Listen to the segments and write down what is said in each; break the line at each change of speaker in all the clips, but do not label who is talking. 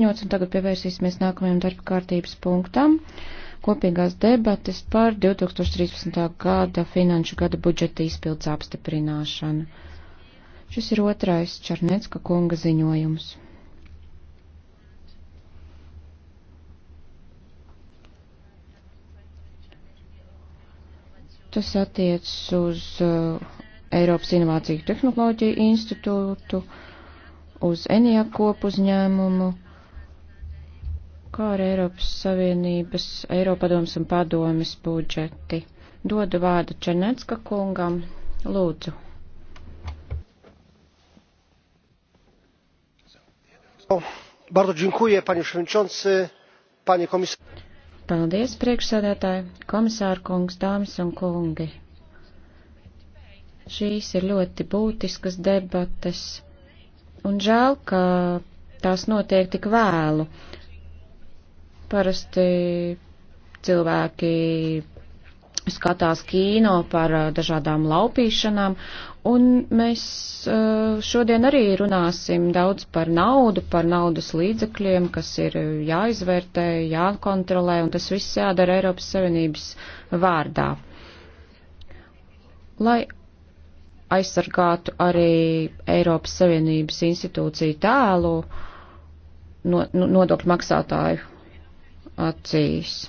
ziņots, un tagad pievērsīsimies nākamajam darba kārtības punktam. Kopīgās debates par 2013. gada finanšu gada budžeta izpildes apstiprināšanu. Šis ir otrais Čarnecka kunga ziņojums. Tas attiec uz uh, Eiropas Inovāciju tehnoloģiju institūtu, uz ENIA kopu uzņēmumu, uh, kā ar Eiropas Savienības, Eiropadoms un padomis budžeti. Dodu vārdu Černecka kungam. Lūdzu.
Bardzo dziękuję, panie przewodniczący, panie komisarzu.
Paldies, priekšsēdētāji, komisāra kungs, dāmas un kungi. Šīs ir ļoti būtiskas debates, un žēl, ka tās notiek tik vēlu. Parasti cilvēki skatās kīno par dažādām laupīšanām, un mēs šodien arī runāsim daudz par naudu, par naudas līdzekļiem, kas ir jāizvērtē, jākontrolē, un tas viss jādara Eiropas Savienības vārdā. Lai aizsargātu arī Eiropas Savienības institūciju tēlu, no, no, nu, nodokļu maksātāju acīs.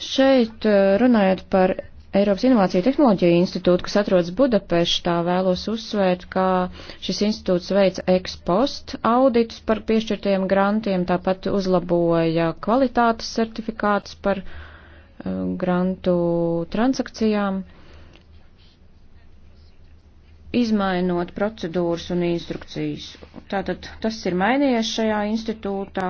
Šeit eh, runājot par Eiropas Inovāciju tehnoloģiju institūtu, kas atrodas Budapeštā, vēlos uzsvērt, ka šis institūts veica ekspost auditus par piešķirtajiem grantiem, tāpat uzlaboja kvalitātes certifikātus par eh, grantu transakcijām, izmainot procedūras un instrukcijas. Tātad tas ir mainījies šajā institūtā,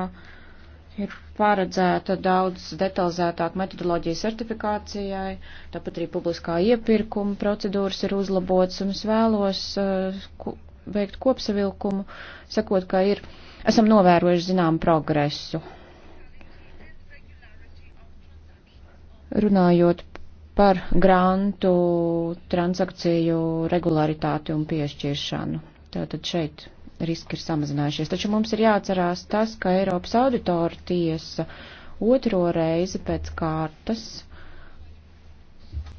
ir paredzēta daudz detalizētāk metodoloģija certifikācijai, tāpat arī publiskā iepirkuma procedūras ir uzlabotas, un es vēlos uh, eh, ku, veikt kopsavilkumu, sakot, ka ir, esam novērojuši zinām progresu. Runājot par grantu transakciju regularitāti un piešķiršanu. Tātad šeit riski ir samazinājušies. Taču mums ir jāatcerās tas, ka Eiropas auditoru tiesa otro reizi pēc kārtas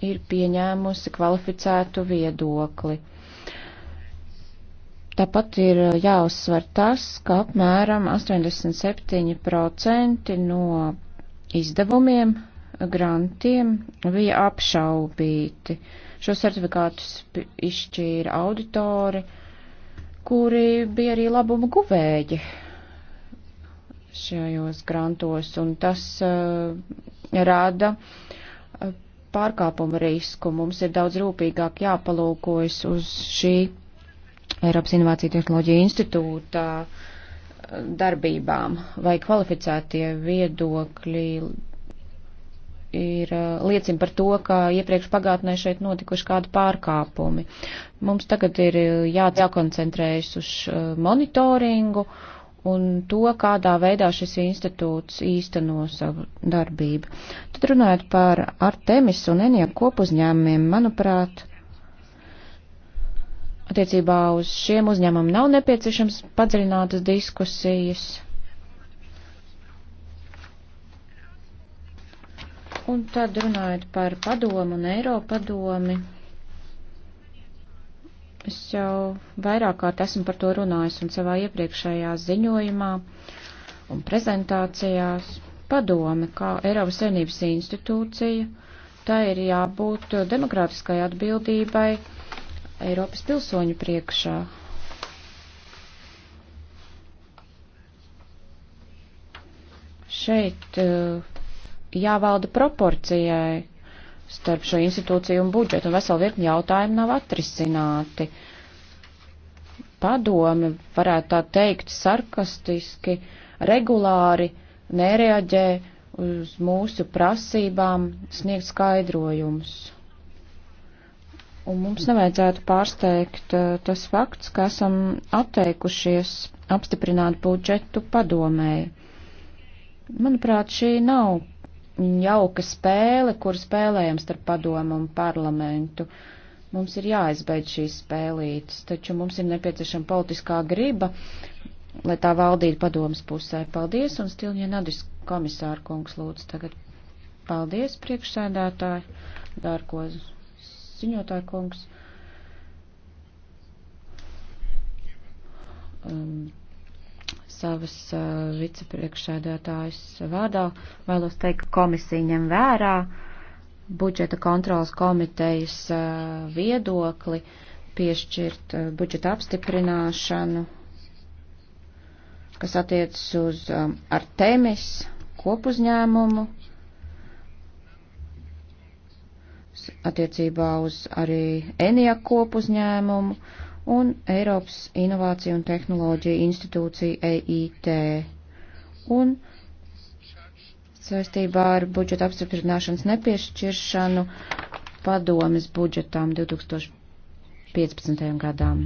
ir pieņēmusi kvalificētu viedokli. Tāpat ir jāuzsver tas, ka apmēram 87% no izdevumiem, grantiem bija apšaubīti. Šo certifikātus izšķīra auditori, uh, kuri bija arī labuma guvēji šajos grantos, un tas uh, eh, rada eh, pārkāpuma risku. Mums ir daudz rūpīgāk jāpalūkojas uz šī Eiropas Innovācija tehnoloģija institūta eh, darbībām, vai kvalificētie viedokļi ir eh, liecina par to, ka iepriekš pagātnē šeit notikuši kādi pārkāpumi. Mums tagad ir jā, eh, jākoncentrējas uz eh, monitoringu un to, kādā veidā šis institūts īsteno savu darbību. Tad runājot par Artemis un Eniem kopuzņēmumiem, manuprāt, attiecībā uz šiem uzņēmumiem nav nepieciešams padziļinātas diskusijas Un tad runājot par padomu un Eiropadomi, es jau vairāk kārt esmu par to runājis un savā iepriekšējā ziņojumā un prezentācijās. Padome, kā Eiropas Savienības institūcija, tā ir jābūt demokrātiskai atbildībai Eiropas pilsoņu priekšā. Šeit uh, jāvalda proporcijai starp šo institūciju un budžetu, un vesela virkni jautājumu nav atrisināti. Padomi, varētu tā teikt, sarkastiski, regulāri nereaģē uz mūsu prasībām sniegt skaidrojumus. Un mums nevajadzētu pārsteigt eh, tas fakts, ka esam atteikušies apstiprināt budžetu padomēji. Manuprāt, šī nav jauka spēle, kur spēlējam starp padomu un parlamentu. Mums ir jāizbeidz šīs spēlītes, taču mums ir nepieciešama politiskā griba, lai tā valdītu padomas pusē. Paldies, un Stilņa Nadis komisāra kungs lūdzu tagad. Paldies, priekšsēdētāji, dārko ziņotāju kungs. Um, savas uh, vicepriekšēdētājas vārdā vēlos teikt, ka komisija ņem vērā budžeta kontrolas komitejas uh, viedokli, piešķirt uh, budžeta apstiprināšanu, kas attiecas uz um, Artemis kopuzņēmumu, attiecībā uz arī Enija kopuzņēmumu un Eiropas Inovāciju un Tehnoloģiju institūciju EIT. Un saistībā ar budžeta apstiprināšanas nepiešķiršanu padomes budžetām 2015. gadām.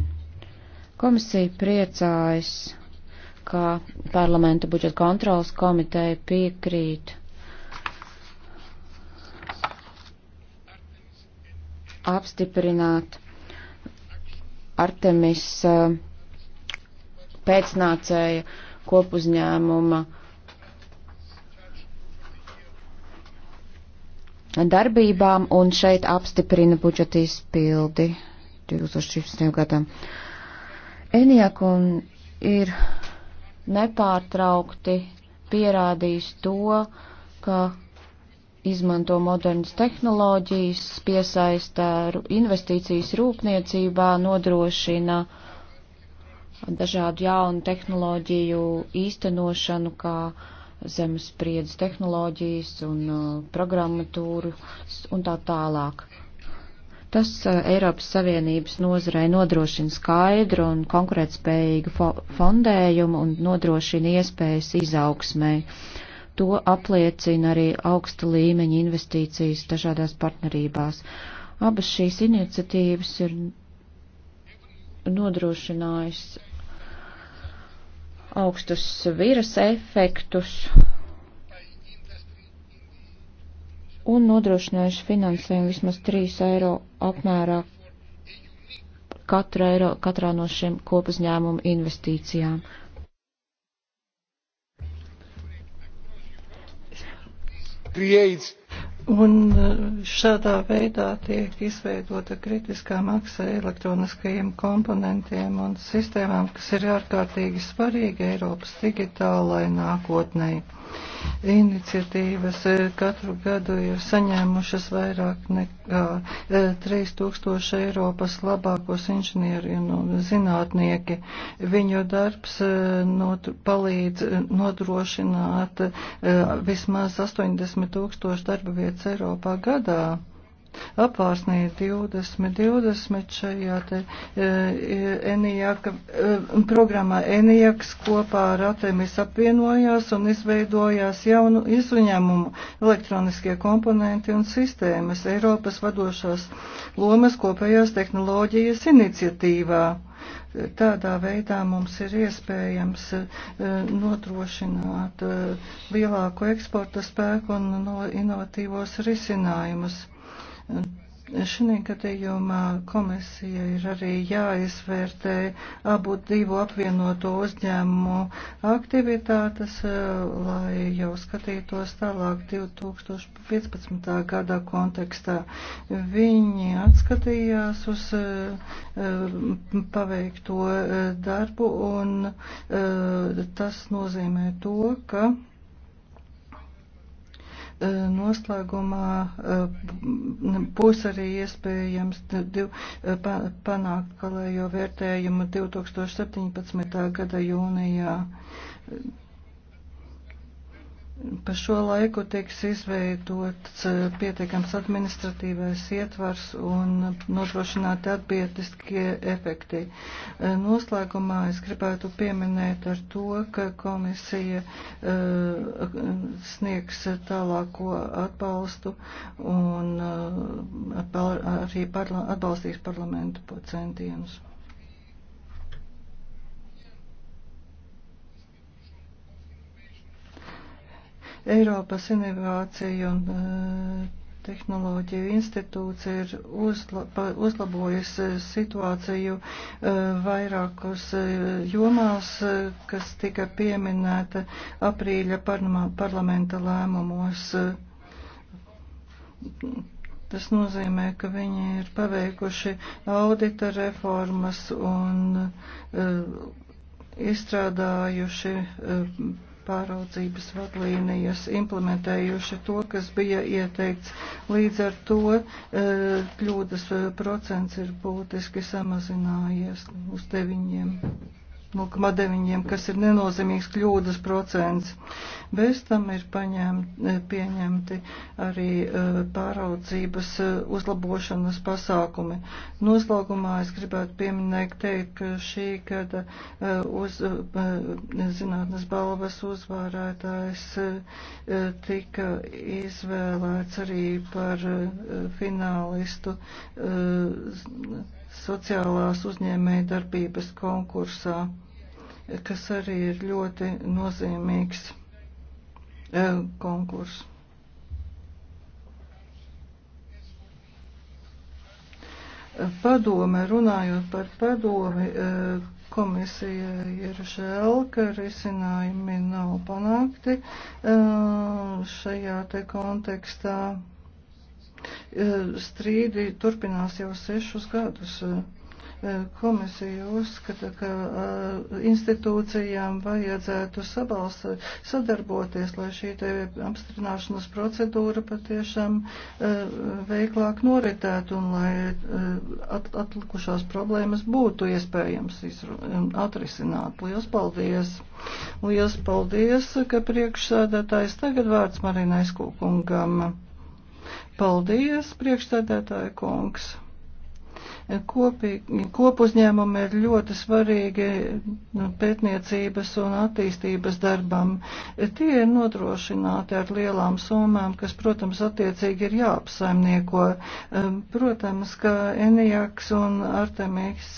Komisija priecājas, ka parlamenta budžeta kontrolas komiteja piekrīt apstiprināt Artemis eh, pēcnācēja kopuzņēmuma darbībām un šeit apstiprina budžeta izpildi 2016. gadam. Enijak un ir nepārtraukti pierādījis to, ka izmanto modernas tehnoloģijas, piesaista investīcijas rūpniecībā, nodrošina dažādu jaunu tehnoloģiju īstenošanu, kā zemes spriedzes tehnoloģijas un uh, programmatūru un tā tālāk. Tas uh, Eiropas Savienības nozarei nodrošina skaidru un konkurētspējīgu fondējumu un nodrošina iespējas izaugsmai. Uh, To apliecina arī augsta līmeņa investīcijas dažādās partnerībās. Abas šīs iniciatīvas ir nodrošinājis augstus viras efektus un nodrošinājuši finansējumu vismaz 3 eiro apmērā katra eiro, katrā no šiem kopuzņēmumu investīcijām. Creates. Un eh,
šādā veidā tiek izveidota kritiskā maksa elektroniskajiem komponentiem un sistēmām, kas ir ārkārtīgi svarīgi Eiropas digitālai nākotnei iniciatīvas e, katru gadu ir saņēmušas vairāk nekā 3000 e, Eiropas labākos inženieri un zinātnieki. Viņu darbs e, not, palīdz nodrošināt vismaz 80 tūkstoši darba vietas Eiropā gadā apvārsnī 2020 šajā te e, e, Enijaka, e, programmā Enijaks kopā ar Atemis apvienojās un izveidojās jaunu izņēmumu elektroniskie komponenti un sistēmas Eiropas vadošās lomas kopējās tehnoloģijas iniciatīvā. Tādā veidā mums ir iespējams notrošināt lielāku eksporta spēku un inovatīvos risinājumus. Šī gadījumā komisija ir arī jāizvērtē abu divu apvienoto uzņēmumu aktivitātes, eh, lai jau skatītos tālāk 2015. gada kontekstā. Viņi atskatījās uz eh, paveikto eh, darbu un tas nozīmē to, ka noslēgumā eh, būs arī iespējams eh, panākt kalējo vērtējumu 2017. gada jūnijā. Pa šo laiku tiks izveidots eh, pietiekams administratīvais ietvars un nodrošināti atbietiskie efekti. Eh, noslēgumā es gribētu pieminēt ar to, ka komisija uh, sniegs tālāko atbalstu un uh, arī parla atbalstīs parlamentu centienus. Eiropas inovāciju un eh, tehnoloģiju institūts ir uzlaba, uzlabojis eh, situāciju eh, vairākos jomās, kas tika pieminēta aprīļa parlamenta lēmumos. Tas nozīmē, ka viņi ir paveikuši audita reformas un uh, izstrādājuši uh, pāraudzības vadlīnijas, implementējuši to, kas bija ieteikts. Līdz ar to e, kļūdas e, procents ir būtiski samazinājies uz deviņiem. 0,9, kas ir nenozīmīgs kļūdas procents. Bez tam ir paņem, eh, pieņemti arī eh, pāraudzības eh, uzlabošanas pasākumi. Noslēgumā es gribētu pieminēt teikt, ka šī gada uz, zinātnes balvas uzvārētājs tika izvēlēts arī par finālistu sociālās uzņēmēja darbības konkursā, kas arī ir ļoti nozīmīgs e, konkurss. Padome, runājot par padomi, e, komisija ir žēl, ka risinājumi nav panākti e, šajā te kontekstā. Eh, strīdi turpinās jau sešus gadus eh, eh, komisija uzskata, ka institūcijām vajadzētu sabals sadarboties, lai šī te apstrināšanas procedūra patiešām veiklāk noritētu un lai at atlikušās problēmas būtu iespējams atrisināt. Liels paldies! Liels paldies, ka priekšsēdētājs tagad vārds Marinais Kūkungam. Paldies, priekšstādētāja kungs! Kopīgi, kopuzņēmumi ir ļoti svarīgi nu, pētniecības un attīstības darbam. Tie ir nodrošināti ar lielām summām, kas, protams, attiecīgi ir jāapsaimnieko. Protams, ka Enijaks un Artemiks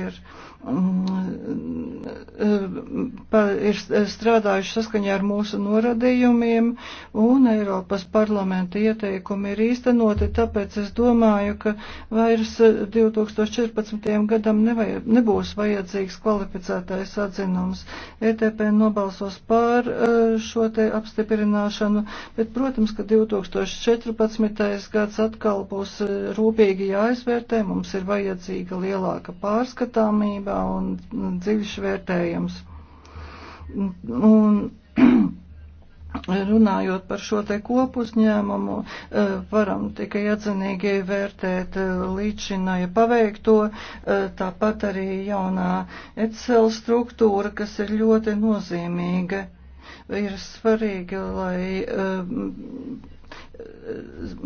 ir ir strādājuši saskaņā ar mūsu noradījumiem, un Eiropas parlamenta ieteikumi ir īstenoti, tāpēc es domāju, ka vairs 2014. gadam nevajag, nebūs vajadzīgs kvalificētais atzinums. ETP nobalsos pār e, šo te apstiprināšanu, bet, protams, ka 2014. gads atkal būs e, rūpīgi jāizvērtē, mums ir vajadzīga lielāka pārskatāmība, darbā un dziļš vērtējams. Un, Runājot par šo te kopuzņēmumu, e, varam tikai atzinīgi vērtēt e, līdzšināja paveikto, e, tāpat arī jaunā Excel struktūra, kas ir ļoti nozīmīga. Ir svarīgi, lai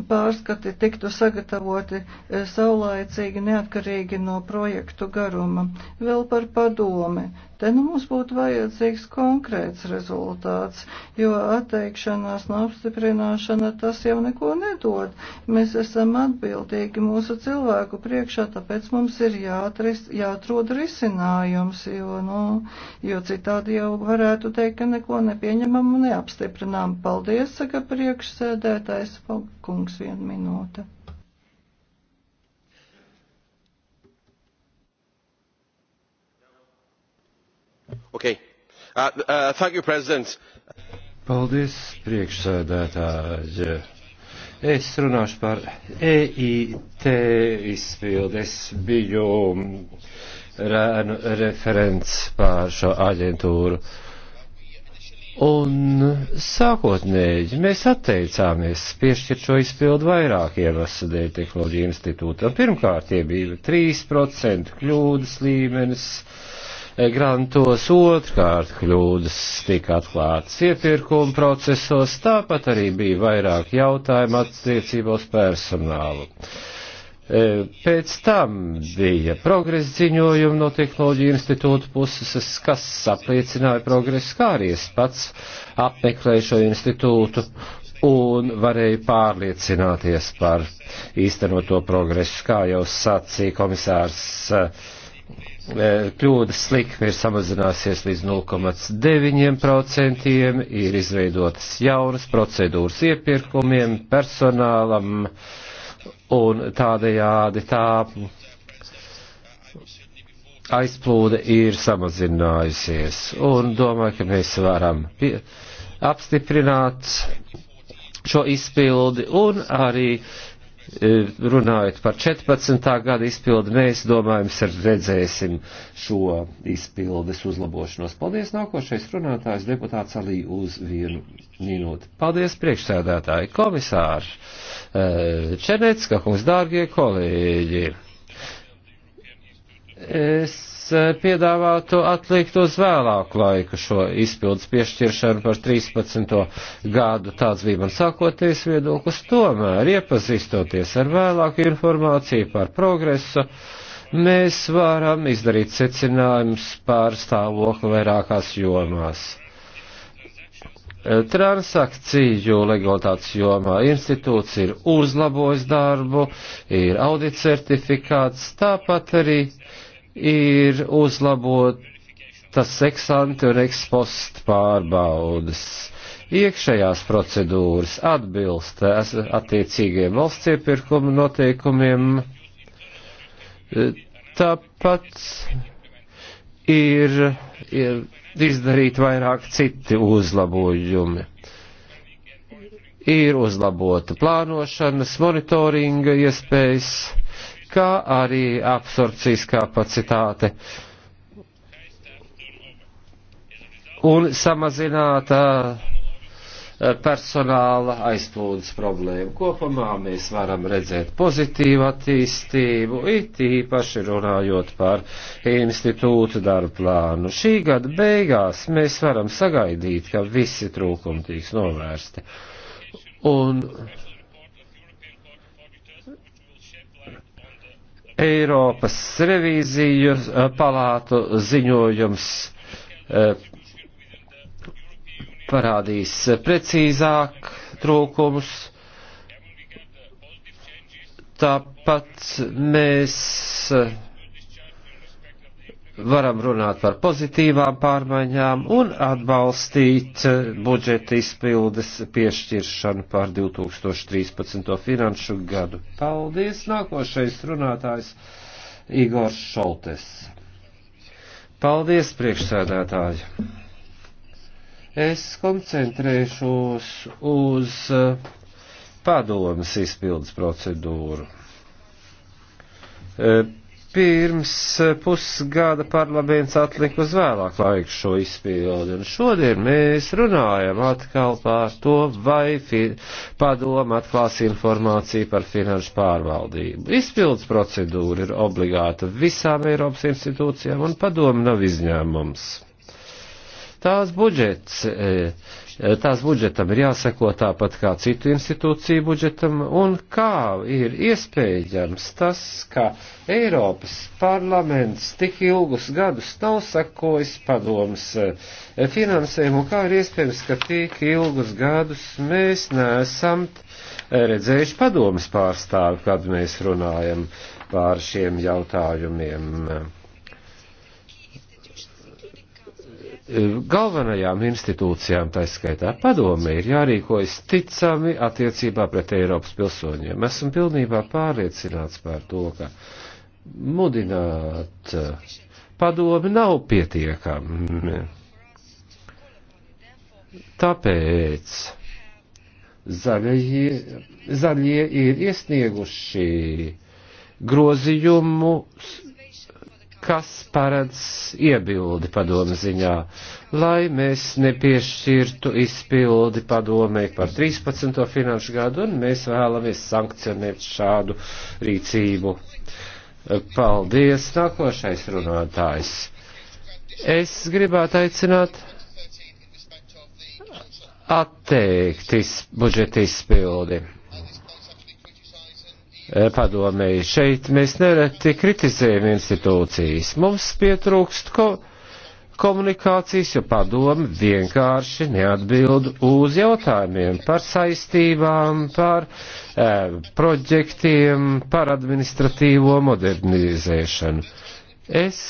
pārskati tiktu sagatavoti e, saulaicīgi, neatkarīgi no projektu garuma. Vēl par padomi. Te nu mums būtu vajadzīgs konkrēts rezultāts, jo atteikšanās no apstiprināšana tas jau neko nedod. Mēs esam atbildīgi mūsu cilvēku priekšā, tāpēc mums ir jāatris, jāatrod risinājums, jo, nu, jo citādi jau varētu teikt, ka neko nepieņemam un neapstiprinām. Paldies, saka priekšsēdētājs, kungs, viena minūte.
Okay. Uh, uh, thank you, President. Paldies, priekšsēdētāji. Es runāšu par EIT izpildi. Es biju um, rēnu referents pār šo aģentūru. Un sākotnēji mēs atteicāmies piešķirt šo izpildu vairāk iemeslu dēļ tehnoloģiju institūtam. Pirmkārt, tie bija 3% kļūdas līmenis. Uh, grantos, otrkārt kļūdas tika atklātas iepirkuma procesos, tāpat arī bija vairāk jautājumu attiecībā uz personālu. E, pēc tam bija progresa ziņojumi no tehnoloģiju institūta puses, kas apliecināja progresu, kā arī es pats apmeklēju šo institūtu un varēju pārliecināties par īstenoto progresu, kā jau sacīja komisārs uh, kļūdas likme ir samazināsies līdz 0,9%, ir izveidotas jaunas procedūras iepirkumiem, personālam un tādējādi tā aizplūde ir samazinājusies. Un domāju, ka mēs varam pie, apstiprināt šo izpildi un arī E, runājot par 14. gada izpildi, mēs domājam, redzēsim šo izpildes uzlabošanos. Paldies, nākošais runātājs deputāts Alī uz vienu minūti. Paldies, priekšsēdētāji, komisārs e, Černecka kungs, dārgie kolēģi. Es Eh, piedāvātu atlikt uz vēlāku laiku šo izpildus piešķiršanu par 13. gadu. Tāds bija man sākotnējs viedoklis. Tomēr, iepazīstoties ar vēlāku informāciju par progresu, mēs varam izdarīt secinājumus par stāvokli vairākās jomās eh, transakciju legalitātes jomā institūts ir uzlabojis darbu, ir audit certifikāts, tāpat arī ir uzlabotas eksanti un ekspost pārbaudas. Iekšējās procedūras atbilst attiecīgiem valsts iepirkuma noteikumiem. Tāpat ir, ir izdarīt vairāk citi uzlabojumi ir uzlabota plānošanas, monitoringa iespējas, kā arī absorpcijas kapacitāte. Un samazināta personāla aizplūdes problēmu. Kopumā mēs varam redzēt pozitīvu attīstību, it īpaši runājot par institūtu darba plānu. Šī gada beigās mēs varam sagaidīt, ka visi trūkumi tiks novērsti. Un Eiropas revīziju eh, palātu ziņojums eh, parādīs precīzāk trūkumus. Tāpat mēs eh, varam runāt par pozitīvām pārmaiņām un atbalstīt eh, budžeta izpildes piešķiršanu par 2013. finanšu gadu. Paldies! Nākošais runātājs Igors Šoltes. Paldies, priekšsēdētāji! Es koncentrēšos uz eh, padomas izpildes procedūru eh, pirms eh, pusgada parlaments atlika uz vēlāk laiku šo izpildi, un šodien mēs runājam atkal par to, vai padoma atklās informāciju par finanšu pārvaldību. Izpildes procedūra ir obligāta visām Eiropas institūcijām, un padoma nav izņēmums. Tās budžets eh, Eh, tās budžetam ir jāseko tāpat kā citu institūciju budžetam, un kā ir iespējams tas, ka Eiropas parlaments tik ilgus gadus nav sakojis padomas eh, finansējumu, un kā ir iespējams, ka tik ilgus gadus mēs neesam eh, redzējuši padomas pārstāvi, kad mēs runājam pār šiem jautājumiem. galvenajām institūcijām, tā skaitā padome, ir jārīkojas ticami attiecībā pret Eiropas pilsoņiem. Esmu pilnībā pārliecināts par to, ka mudināt eh, padomi nav pietiekami. Tāpēc zaļie, zaļie ir iesnieguši grozījumu kas paredz iebildi padome ziņā, lai mēs nepiešķirtu izpildi padomei par 13. finanšu gadu, un mēs vēlamies sankcionēt šādu rīcību. Paldies, nākošais runātājs. Es gribētu aicināt atteikt budžeta izpildi. Eh, padomēji. Šeit mēs nereti kritizējam institūcijas. Mums pietrūkst ko komunikācijas, jo padomi vienkārši neatbild uz jautājumiem par saistībām, par e, eh, projektiem, par administratīvo modernizēšanu. Es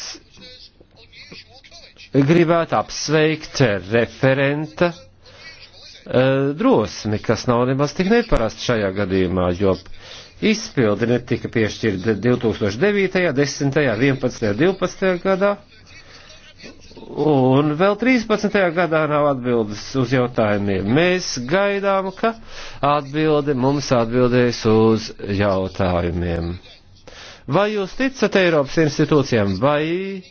gribētu apsveikt referenta e, drosmi, kas nav nemaz tik neparasti šajā gadījumā, jo e, Izpildi netika piešķirta 2009., 10., 11., 12. gadā, un vēl 13. gadā nav atbildes uz jautājumiem. Mēs gaidām, ka atbildi mums atbildēs uz jautājumiem. Vai jūs ticat Eiropas institūcijām vai,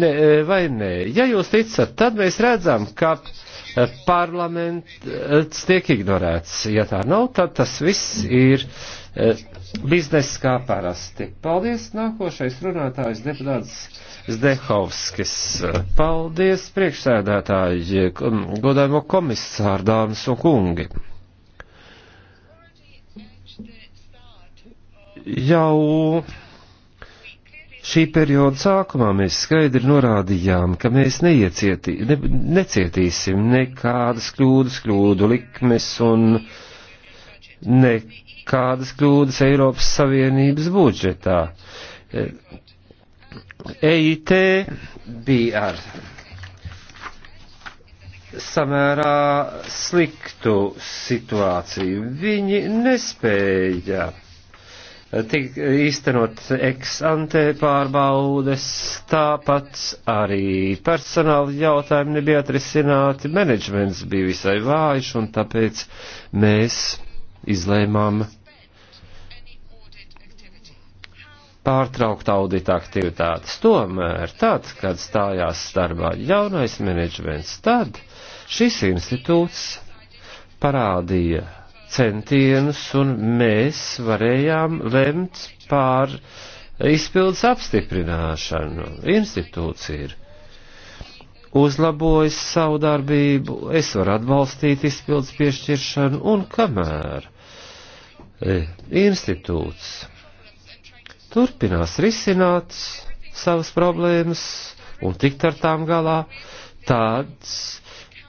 ne, vai nē? Ja jūs ticat, tad mēs redzam, ka parlaments tiek ignorēts. Ja tā nav, tad tas viss ir eh, bizness kā parasti. Paldies, nākošais runātājs deputāts Zdehovskis. Paldies, priekšsēdētāji, godājumo komisāru dāmas un kungi. Jau Šī perioda sākumā mēs skaidri norādījām, ka mēs neiecieti, ne, necietīsim nekādas kļūdas, kļūdu likmes un nekādas kļūdas Eiropas Savienības budžetā. EIT bija ar samērā sliktu situāciju. Viņi nespēja tik īstenot ex-ante pārbaudes, tāpat arī personāla jautājumi nebija atrisināti, menedžments bija visai vājš, un tāpēc mēs izlēmām pārtraukt audita aktivitātes. Tomēr tad, kad stājās starpā jaunais menedžments, tad šis institūts parādīja centienus, un mēs varējām lemt pār izpildus apstiprināšanu. Institūcija ir uzlabojusi savu darbību, es varu atbalstīt izpildus piešķiršanu, un kamēr e, institūts turpinās risināt savas problēmas un tikt ar tām galā, tāds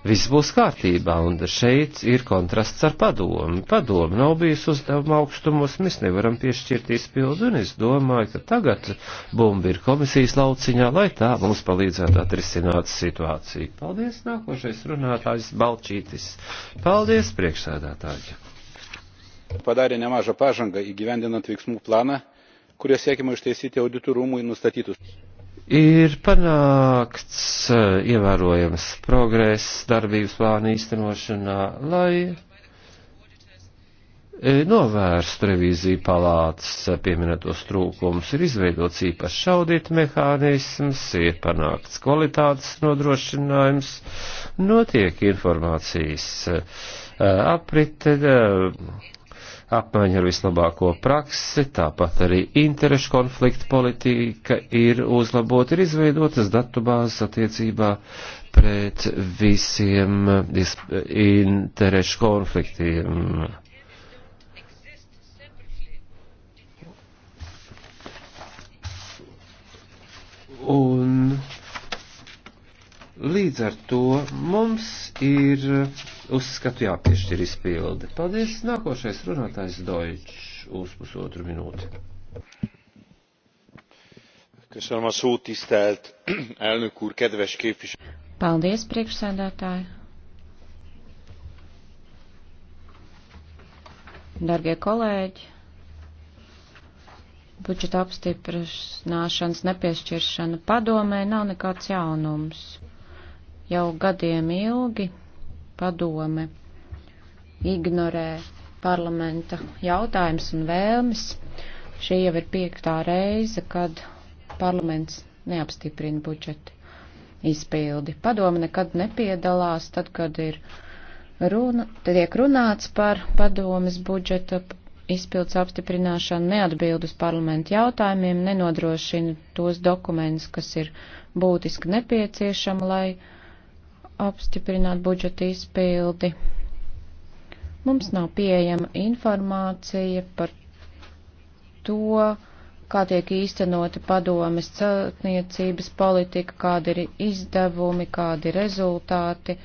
viss būs kārtībā, un šeit ir kontrasts ar padomu. Padomu nav bijusi uzdevuma augstumos, mēs nevaram piešķirt izpildu, un es domāju, ka tagad bumba ir komisijas lauciņā, lai tā mums palīdzētu atrisināt situāciju. Paldies, nākošais runātājs Balčītis. Paldies, priekšsēdētāji. Padarė nemažą pažangą įgyvendinant veiksmų planą, kurio siekima ištaisyti auditorumui nustatytus. Ir panākts eh, ievērojams progress darbības plāna īstenošanā, lai eh, novērstu revīziju palātas eh, pieminētos trūkumus, ir izveidots īpašs šaudiet mehānisms, ir panākts kvalitātes nodrošinājums, notiek informācijas aprite, apmaiņa ar vislabāko praksi, tāpat arī interešu konflikta politika ir uzlabot, ir izveidotas datubāzes attiecībā pret visiem interešu konfliktiem. Un Līdz ar to mums ir uzskatu jāpiešķir izpildi. Paldies, nākošais runātājs Deutsch uz pusotru minūti. Köszönöm a szót, tisztelt elnök úr, kedves képviselő.
Paldies, priekšsēdētāji. Dargie kolēģi, budžeta apstiprināšanas nepiešķiršana padomē nav nekāds jaunums. Jau gadiem ilgi padome ignorē parlamenta jautājums un vēlmes. Šī jau ir piektā reize, kad parlaments neapstiprina budžeti izpildi. Padoma nekad nepiedalās tad, kad ir runa, tad tiek runāts par padomas budžeta izpildes apstiprināšanu, neatbild uz parlamentu jautājumiem, nenodrošina tos dokumentus, kas ir būtiski nepieciešami, lai apstiprināt budžeta izpildi. Mums nav pieejama informācija par to, kā tiek īstenoti padomes celtniecības politika, kādi ir izdevumi, kādi ir rezultāti.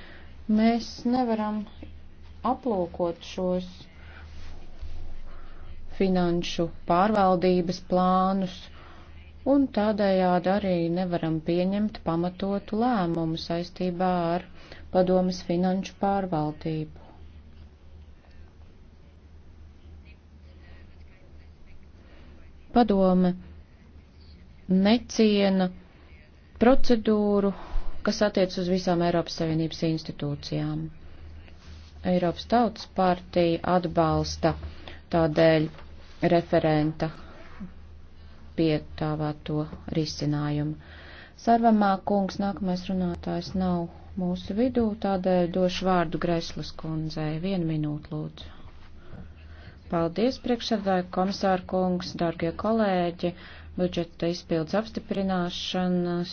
Mēs nevaram aplūkot šos finanšu pārvaldības plānus un tādējādi arī nevaram pieņemt pamatotu lēmumu saistībā ar padomas finanšu pārvaldību. Padome neciena procedūru, kas attiec uz visām Eiropas Savienības institūcijām. Eiropas Tautas partija atbalsta tādēļ referenta piedāvāto risinājumu. Sarvamā kungs nākamais runātājs nav mūsu vidū, tādēļ došu vārdu Greslas kundzei. Vienu minūtu lūdzu. Paldies, priekšsēdāja komisāra kungs, dargie kolēģi. Budžeta izpildes apstiprināšanas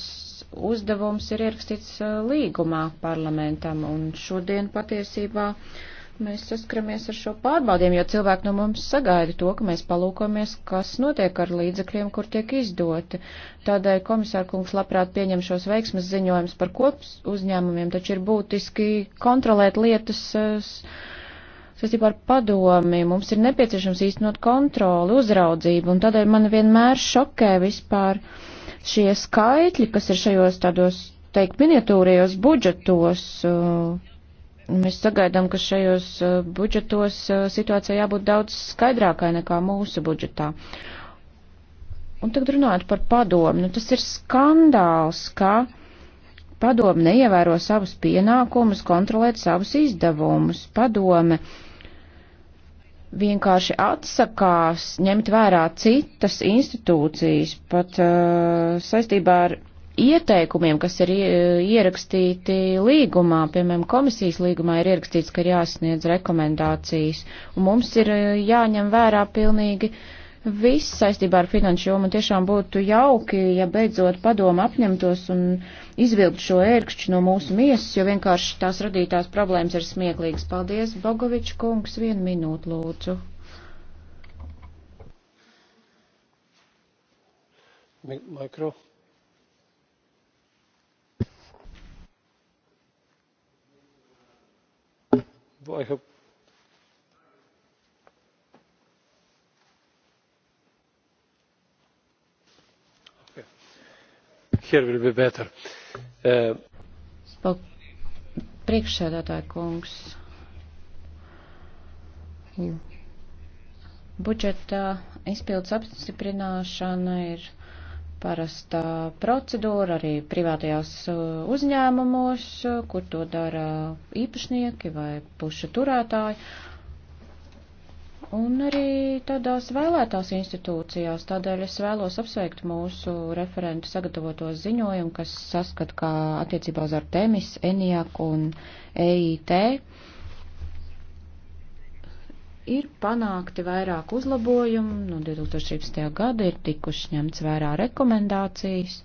uzdevums ir ierakstīts līgumā parlamentam un šodien patiesībā. Uh, mēs saskaramies ar šo pārbaudiem, jo cilvēki no mums sagaida to, ka mēs palūkojamies, kas notiek ar līdzekļiem, kur tiek izdoti. Tādēļ komisārkungs labprāt pieņem šos veiksmes ziņojumus par kops uzņēmumiem, taču ir būtiski kontrolēt lietas eh, saistībā ar padomi. Mums ir nepieciešams īstenot kontroli, uzraudzību, un tādēļ man vienmēr šokē vispār šie skaitļi, kas ir šajos tādos, teikt, miniatūrajos budžetos. Uh, Mēs sagaidām, ka šajos uh, budžetos uh, situācija jābūt daudz skaidrākai nekā mūsu budžetā. Un tagad runājot par padomu, nu tas ir skandāls, ka padome neievēro savus pienākumus kontrolēt savus izdevumus. Padome vienkārši atsakās ņemt vērā citas institūcijas, pat uh, saistībā ar ieteikumiem, kas ir e, ierakstīti līgumā, piemēram, komisijas līgumā ir ierakstīts, ka ir jāsniedz rekomendācijas, un mums ir e, jāņem vērā pilnīgi viss saistībā ar finanšu jomu, un tiešām būtu jauki, ja beidzot padomu apņemtos un izvilkt šo ērkšķi no mūsu miesas, jo vienkārši tās radītās problēmas ir smieklīgas. Paldies, Bogovičs kungs, vienu minūtu lūdzu.
Mikro. i hope here will be better. Uh,
Priekšsēdētāja kungs. Budžeta izpildes apstiprināšana ir parasta procedūra arī privātajās uh, uzņēmumos, uh, kur to dara īpašnieki vai puša turētāji. Un arī tādās vēlētās institūcijās, tādēļ es vēlos apsveikt mūsu referentu sagatavoto ziņojumu, kas saskat kā attiecībā uz Artemis, ENIAC un EIT ir panākti vairāk uzlabojumu, no 2013. gada ir tikuši ņemts vērā rekomendācijas,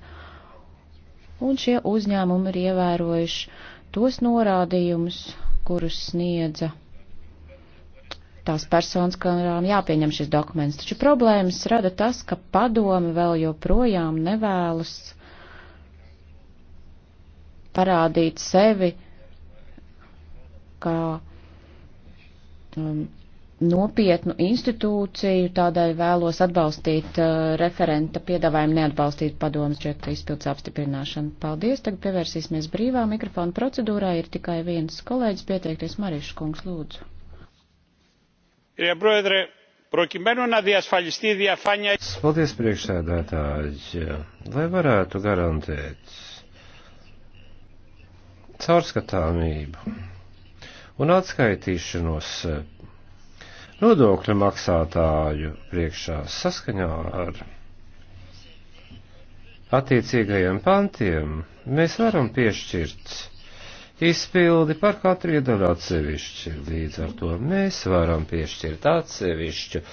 un šie uzņēmumi ir ievērojuši tos norādījumus, kurus sniedza tās personas, kurām jāpieņem šis dokuments. Taču problēmas rada tas, ka padomi vēl joprojām nevēlas parādīt sevi kā um, nopietnu institūciju, tādēļ vēlos atbalstīt uh, referenta piedāvājumu neatbalstīt padomas džeta izpildes apstiprināšanu. Paldies, tagad pievērsīsimies brīvā mikrofona procedūrā, ir tikai viens kolēģis pieteikties, Marišs kungs, lūdzu.
Paldies, priekšsēdētāji, lai varētu garantēt caurskatāmību un atskaitīšanos nodokļu maksātāju priekšā saskaņā ar attiecīgajiem pantiem mēs varam piešķirt izpildi par katru iedaļu atsevišķi. Līdz ar to mēs varam piešķirt atsevišķu uh,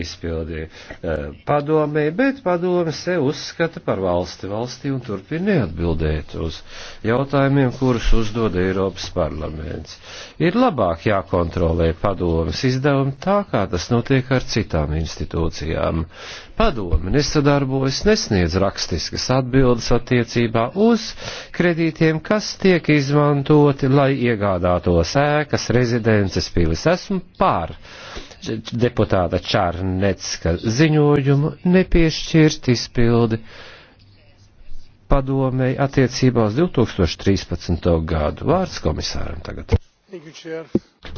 izpildi eh, padomē, bet padome se uzskata par valsti valstī un turpina neatbildēt uz jautājumiem, kurus uzdod Eiropas parlaments. Ir labāk jākontrolē padomas izdevumi tā, kā tas notiek ar citām institūcijām. Padome nesadarbojas, nesniedz rakstiskas atbildes attiecībā uz kredītiem, kas tiek izmantoti, lai iegādātos ēkas, rezidences, pilis. Esmu pār deputāta Čārnecka ziņojumu nepiešķirt izpildi padomēji attiecībā uz 2013. gadu. Vārds komisāram tagad.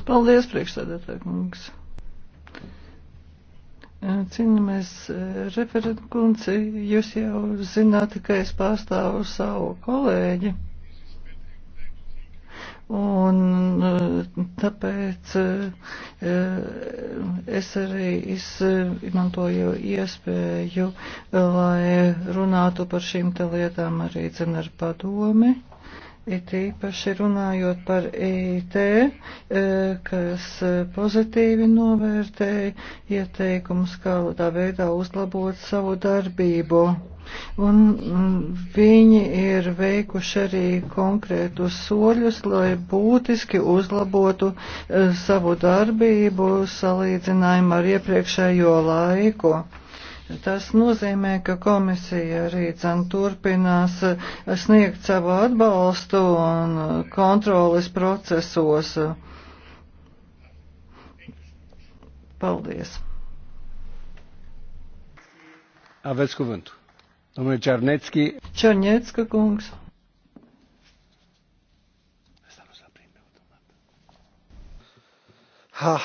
Paldies, priekšsēdētāj, kungs. Cienījamies, eh, referent kundze, jūs jau zināt, ka es pārstāvu savu kolēģi. Un eh, tāpēc eh, es arī izmantoju iespēju, lai runātu par šīm te lietām arī dzen ar padomi. It īpaši runājot par IT, eh, kas pozitīvi novērtēja ieteikums, kādā veidā uzlabot savu darbību. Un mm, viņi ir veikuši arī konkrētus soļus, lai būtiski uzlabotu eh, savu darbību salīdzinājumu ar iepriekšējo laiku. Tas nozīmē, ka komisija arī dzen turpinās eh, sniegt savu atbalstu un eh, kontrolas procesos.
Paldies! Aveți cuvântul. Domnule Cernetski. Cernetska kungs. Ha,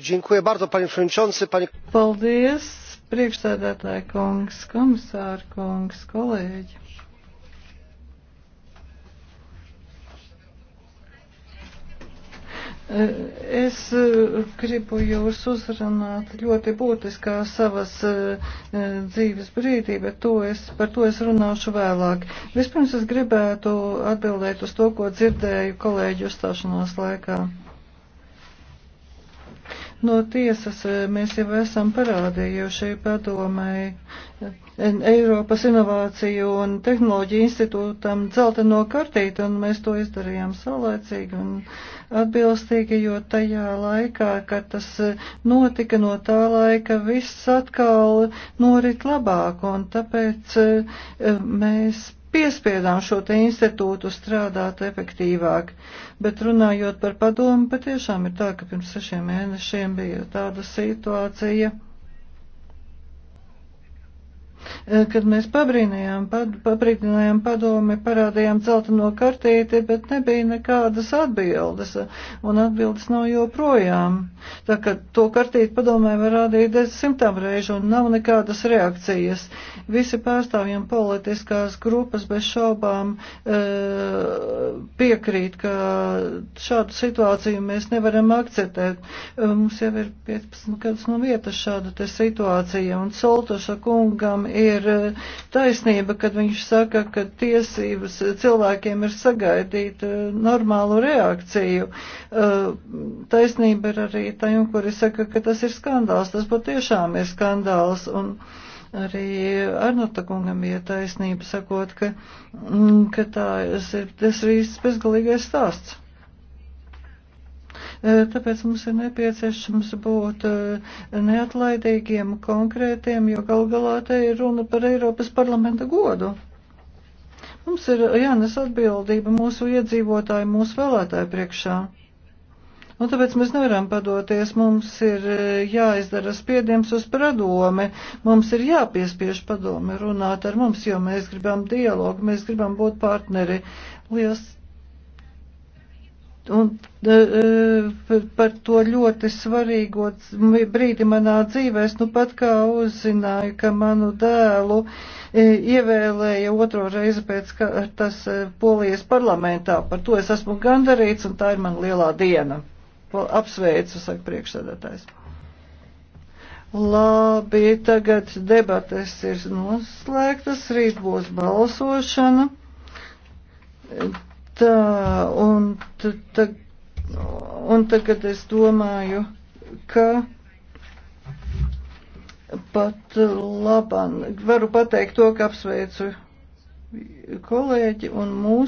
dziękuję bardzo, panie przewodniczący, panie...
Paldies, priekšsēdētāji kungs, komisāri kungs, kolēģi. Es eh, gribu jūs uzrunāt ļoti būtiskā savas eh, dzīves brīdī, bet to es, par to es runāšu vēlāk. Vispirms es gribētu atbildēt uz to, ko dzirdēju kolēģi uzstāšanās laikā. No tiesas e, mēs jau esam parādījuši padomai e, Eiropas Inovāciju un Tehnoloģiju institūtam dzelteno kartīti, un mēs to izdarījām saulēcīgi un atbilstīgi, jo tajā laikā, kad tas e, notika no tā laika, viss atkal norit labāk, un tāpēc mēs piespiedām šo te institūtu strādāt efektīvāk. Bet runājot par padomu, patiešām ir tā, ka pirms sešiem mēnešiem bija tāda situācija. Eh, kad mēs pabrīnījām, pad, pabrīnījām padomi, parādījām dzelteno kartīti, bet nebija nekādas atbildes, un atbildes nav joprojām. Tā kā to kartīti padomē var rādīt simtām reižu, un nav nekādas reakcijas. Visi pārstāvjiem politiskās grupas bez šaubām eh, piekrīt, ka šādu situāciju mēs nevaram akceptēt. Eh, mums jau ir 15 gadus no vietas šāda te situācija, un Soltoša kungam ir ir eh, taisnība, kad viņš saka, ka tiesības cilvēkiem ir sagaidīt eh, normālu reakciju. Eh, taisnība ir arī tajam, kuri saka, ka tas ir skandāls. Tas patiešām ir skandāls. Un, arī Arnota kungam bija taisnība sakot, ka, mm, ka tā, tas ir, tas ir īsts bezgalīgais stāsts. Tāpēc mums ir nepieciešams būt neatlaidīgiem, konkrētiem, jo gal galā te ir runa par Eiropas parlamenta godu. Mums ir jānes atbildība mūsu iedzīvotāju, mūsu vēlētāju priekšā. Un tāpēc mēs nevaram padoties, mums ir jāizdara spiediens uz padomi, mums ir jāpiespiež padomi runāt ar mums, jo mēs gribam dialogu, mēs gribam būt partneri. Lielas Un eh, par to ļoti svarīgo brīdi manā dzīvē es nu pat kā uzzināju, ka manu dēlu eh, ievēlēja otro reizi pēc tas eh, polijas parlamentā. Par to es esmu gandarīts un tā ir man lielā diena. Apsveicu, saka priekšsēdētājs. Labi, tagad debates ir noslēgtas, rīt būs balsošana. Tā, un, ta, un tagad es domāju, ka pat labāk varu pateikt to, ka apsveicu kolēģi un mūsu.